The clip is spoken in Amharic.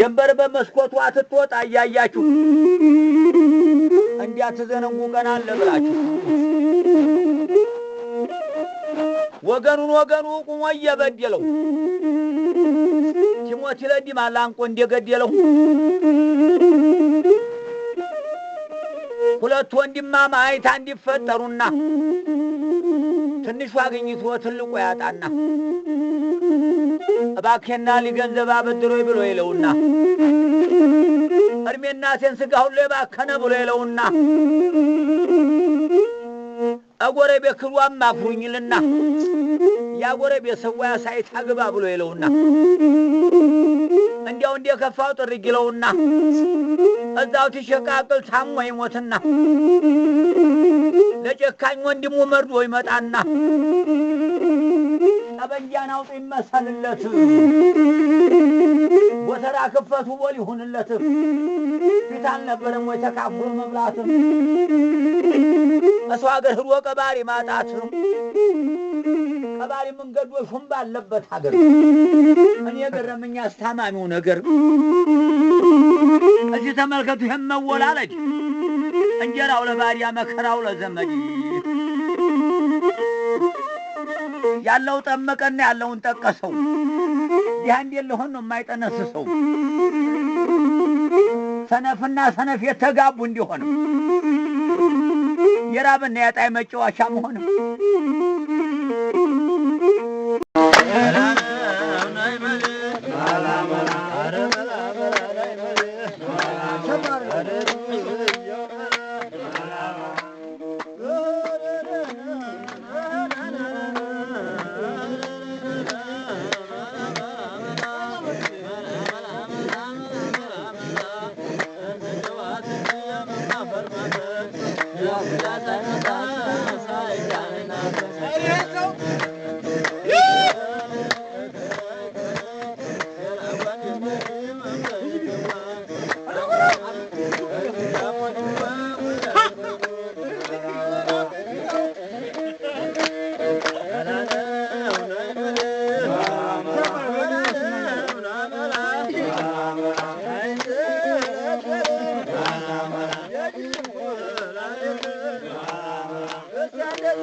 ጀንበር በመስኮቱ አትትወጣ እያያችሁ እንዲያትዘነጉ ቀን አለ ብላችሁ ወገኑን ወገኑ ቁሞ እየበደለው ቲሞቲ ለዲማ ላንቆ እንደገደለው ሁለት ወንድማማች እንዲፈጠሩና ትንሹ አግኝቶ ትልቁ ያጣና እባኬና ሊገንዘብ አበድሮኝ ብሎ ይለውና እድሜና ሴን ስጋ ሁሉ የባከነ ብሎ ይለውና አጎረቤ ክሏም አኩሩኝልና ያጎረቤ ሰዋያ ሳይታ ብሎ ይለውና እንዲያው እንደ ከፋው ጥሪ ግለውና እዛው ትሸቃቅል ታሞ ይሞትና ለጨካኝ ወንድሙ መርዶ ይመጣና ጠበንጃን አውጡ ይመሰልለት መከራ ክፈቱ ወል ይሁንለትም ፊት አልነበረም ወይ ተካፍሎ መብላትም መስዋገር ህዶ ቀባሪ ማጣትም ቀባሪ መንገዶ ሹም ባለበት ሀገር እኔ የገረመኝ አስታማሚው ነገር እዚህ ተመልከቱ፣ ይህም መወላለጅ እንጀራው ለባሪያ መከራው ለዘመድ ያለው ጠመቀና ያለውን ጠቀሰው። ይህ እንዴ ለሆን ነው የማይጠነስሰው ሰነፍና ሰነፍ የተጋቡ እንዲሆን የራብና የጣይ መጫወቻ መሆንም Hare Krishna.